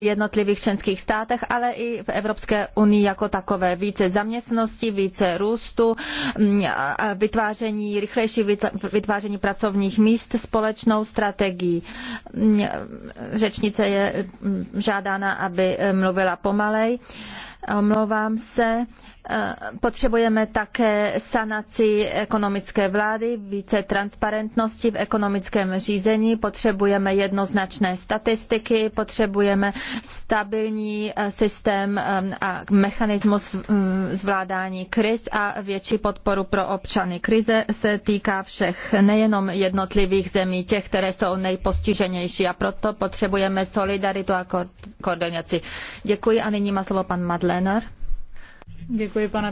jednotlivých členských státech, ale i v Evropské unii jako takové. Více zaměstnosti, více růstu, mm, vytváření, rychlejší vytváření pracovních míst společnou strategií. Mm, řečnice je mm, žádána, aby eh, mluvila pomalej. Omlouvám se. Eh, potřebujeme také sanaci ekonomické vlády, více transparentnosti v ekonomickém řízení, potřebujeme jednoznačné statistiky, potřebujeme stabilní eh, systém eh, a mechanismus mm, zvládání kriz a větší podporu pro občany. Krize se týká všech, nejenom jednotlivých zemí, těch, které jsou nejpostiženější a proto potřebujeme solidaritu a koordinaci. Děkuji a nyní má slovo pan Madl. Lenár. Děkuji, pane